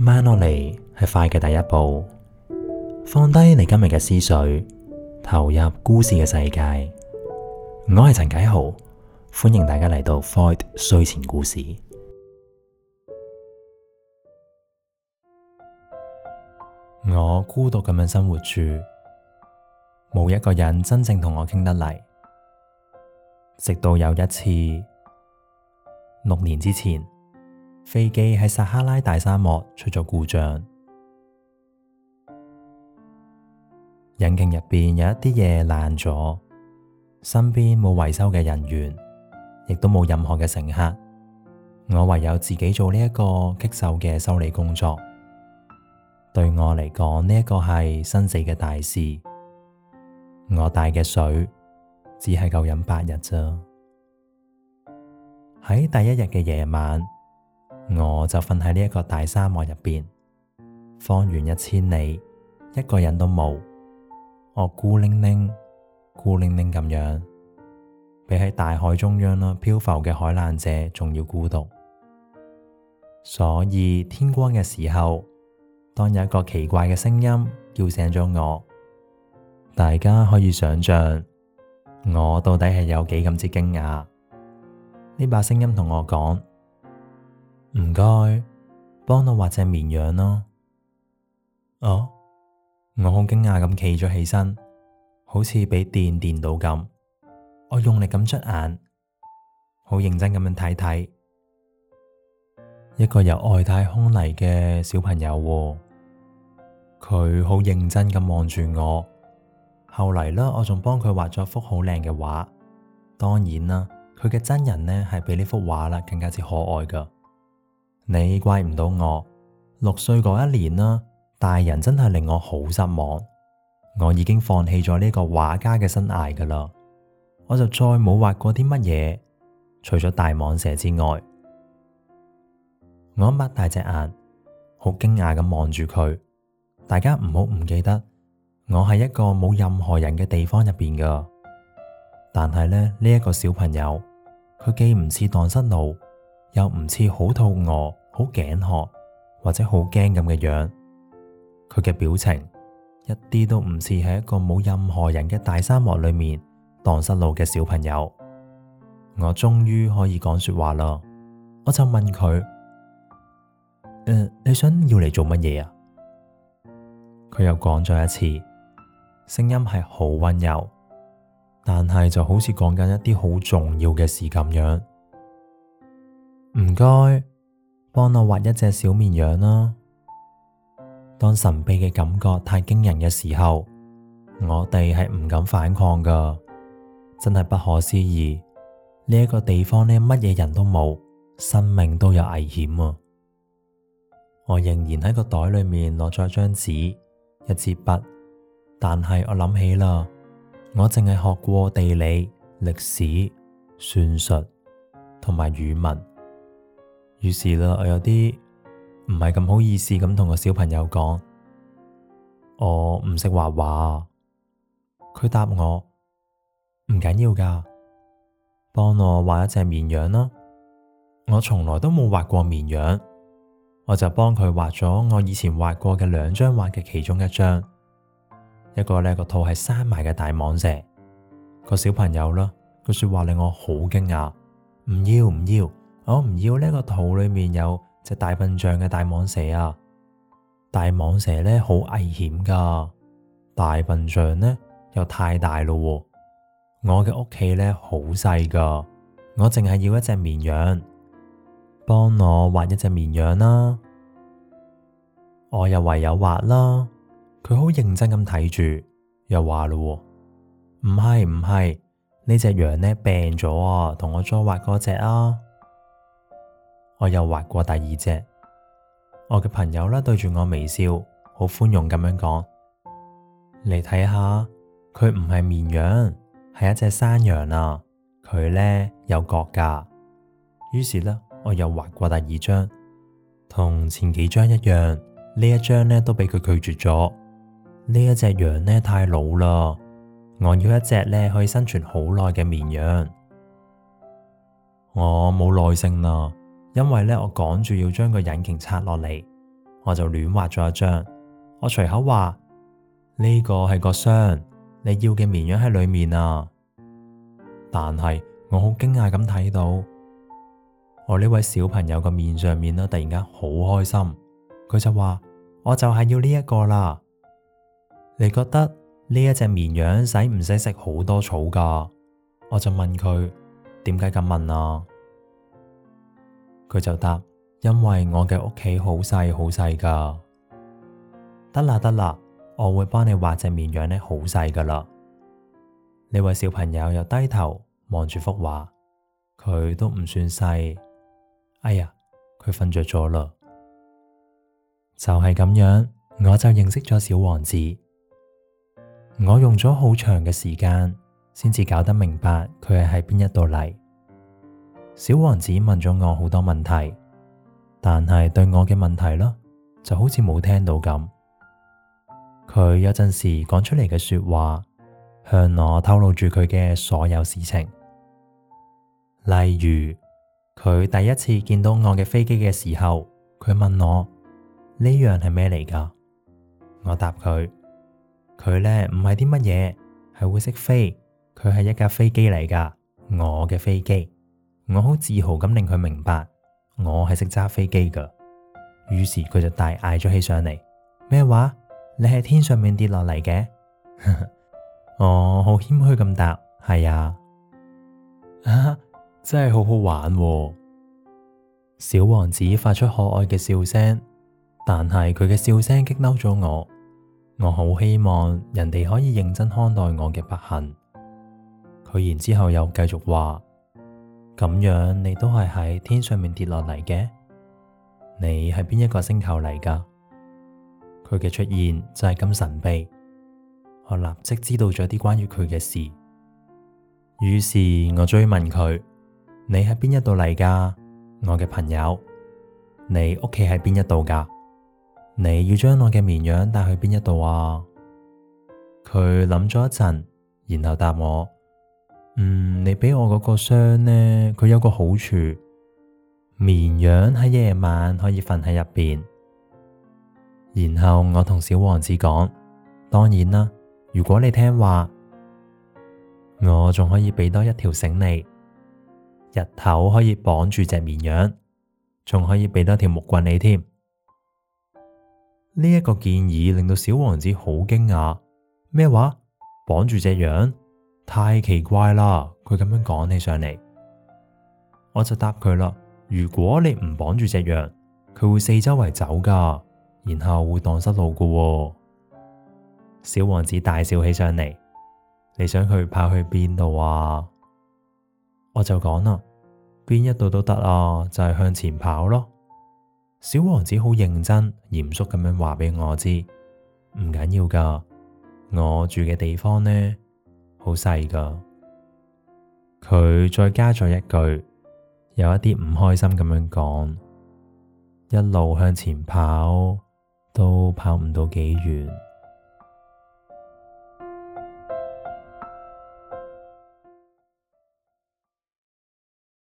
慢落嚟係快嘅第一步，放低你今日嘅思緒，投入故事嘅世界。我係陳棨豪，歡迎大家嚟到 Void 睡前故事。我孤獨咁樣生活住，冇一個人真正同我傾得嚟。直到有一次，六年之前。飛機喺撒哈拉大沙漠出咗故障，引擎入邊有一啲嘢爛咗，身邊冇維修嘅人員，亦都冇任何嘅乘客，我唯有自己做呢一個棘手嘅修理工作。對我嚟講，呢一個係生死嘅大事。我帶嘅水只係夠飲八日咋。喺第一日嘅夜晚。我就瞓喺呢一個大沙漠入邊，方圓一千里，一個人都冇，我孤零零、孤零零咁樣，比喺大海中央啦漂浮嘅海難者仲要孤獨。所以天光嘅時候，當有一個奇怪嘅聲音叫醒咗我，大家可以想象我到底係有幾咁之驚訝。呢把聲音同我講。唔該，幫我畫隻綿羊咯、啊。我我好驚訝咁企咗起身，好似俾電電到咁。我用力咁捽眼，好認真咁樣睇睇一個由外太空嚟嘅小朋友、啊，佢好認真咁望住我。後嚟呢，我仲幫佢畫咗幅好靚嘅畫。當然啦，佢嘅真人呢係比呢幅畫啦更加之可愛噶。你怪唔到我六歲嗰一年啦，大人真係令我好失望。我已經放棄咗呢個畫家嘅生涯噶啦，我就再冇畫過啲乜嘢，除咗大蟒蛇之外。我擘大隻眼，好驚訝咁望住佢。大家唔好唔記得，我喺一個冇任何人嘅地方入邊噶。但係呢，呢一個小朋友，佢既唔似蕩失路，又唔似好肚餓。好頸渴或者好驚咁嘅樣，佢嘅表情一啲都唔似喺一個冇任何人嘅大沙漠裏面蕩失路嘅小朋友。我終於可以講說話啦，我就問佢：誒、呃，你想要嚟做乜嘢啊？佢又講咗一次，聲音係好溫柔，但係就好似講緊一啲好重要嘅事咁樣。唔該。幫我畫一隻小綿羊啦。當神秘嘅感覺太驚人嘅時候，我哋係唔敢反抗噶。真係不可思議，呢一個地方咧，乜嘢人都冇，生命都有危險啊！我仍然喺個袋裏面攞咗張紙、一支筆，但係我諗起啦，我淨係學過地理、歷史、算術同埋語文。於是啦，我有啲唔係咁好意思咁同個小朋友講，我唔識畫畫。佢答我唔緊要噶，幫我畫一隻綿羊啦。我從來都冇畫過綿羊，我就幫佢畫咗我以前畫過嘅兩張畫嘅其中一張，一個呢個套係閂埋嘅大蟒蛇。個小朋友啦，佢說話令我好驚訝，唔要唔要。我唔要呢個肚裏面有隻大笨象嘅大蟒蛇啊！大蟒蛇咧好危險噶，大笨象咧又太大咯。我嘅屋企咧好細噶，我淨係要一隻綿羊，幫我畫一隻綿羊啦。我又唯有畫啦。佢好認真咁睇住，又話咯：唔係唔係，呢隻羊咧病咗啊！同我再畫嗰隻啊！我又畫過第二隻，我嘅朋友啦，對住我微笑，好寬容咁樣講，你睇下佢，唔係綿羊，係一隻山羊啊！佢呢，有角噶。於是呢，我又畫過第二張，同前幾張一樣，呢一張呢，都俾佢拒絕咗。呢一隻羊呢，太老啦，我要一隻呢，可以生存好耐嘅綿羊。我冇耐性啦。因為咧，我趕住要將個引擎拆落嚟，我就亂畫咗一張。我隨口話：呢個係個箱，你要嘅綿羊喺裏面啊！但係我好驚訝咁睇到，我呢位小朋友嘅面上面咧，突然間好開心。佢就話：我就係要呢一個啦。你覺得呢一隻綿羊使唔使食好多草㗎？我就問佢：點解咁問啊？佢就答：因為我嘅屋企好細好細噶，得啦得啦，我會幫你畫隻綿羊咧，好細噶啦。呢位小朋友又低頭望住幅畫，佢都唔算細。哎呀，佢瞓着咗啦。就係咁樣，我就認識咗小王子。我用咗好長嘅時間，先至搞得明白佢係喺邊一度嚟。小王子問咗我好多問題，但係對我嘅問題啦，就好似冇聽到咁。佢有陣時講出嚟嘅說話，向我透露住佢嘅所有事情。例如，佢第一次見到我嘅飛機嘅時候，佢問我呢樣係咩嚟㗎？我答佢：佢咧唔係啲乜嘢，係會識飛，佢係一架飛機嚟㗎，我嘅飛機。我好自豪咁令佢明白我，我係識揸飛機噶。於是佢就大嗌咗起上嚟：咩話？你係天上面跌落嚟嘅？我好謙虛咁答：係啊。 真係好好玩喎。小王子發出可愛嘅笑聲，但係佢嘅笑聲激嬲咗我。我好希望人哋可以認真看待我嘅不幸。佢然之後又繼續話。咁樣你都係喺天上面跌落嚟嘅？你係邊一個星球嚟噶？佢嘅出現就係咁神秘，我立即知道咗啲關於佢嘅事。於是我追問佢：你喺邊一度嚟噶？我嘅朋友，你屋企喺邊一度噶？你要將我嘅綿羊帶去邊一度啊？佢諗咗一陣，然後答我。嗯，你俾我嗰個箱呢，佢有個好處，綿羊喺夜晚可以瞓喺入邊。然後我同小王子講當然啦，如果你聽話，我仲可以俾多一條繩你，日頭可以綁住隻綿羊，仲可以俾多條木棍你添。呢一個建議令到小王子好驚訝咩話？綁住隻羊？太奇怪啦！佢咁樣講起上嚟，我就答佢啦。如果你唔綁住隻羊，佢會四周圍走噶，然後會蕩失路噶喎。小王子大笑起上嚟，你想佢跑去邊度啊？我就講啦，邊一度都得啊，就係、是、向前跑咯。小王子好認真嚴肅咁樣話俾我知，唔緊要噶，我住嘅地方呢，好細噶。佢再加咗一句，有一啲唔開心咁樣講，一路向前跑，都跑唔到幾遠。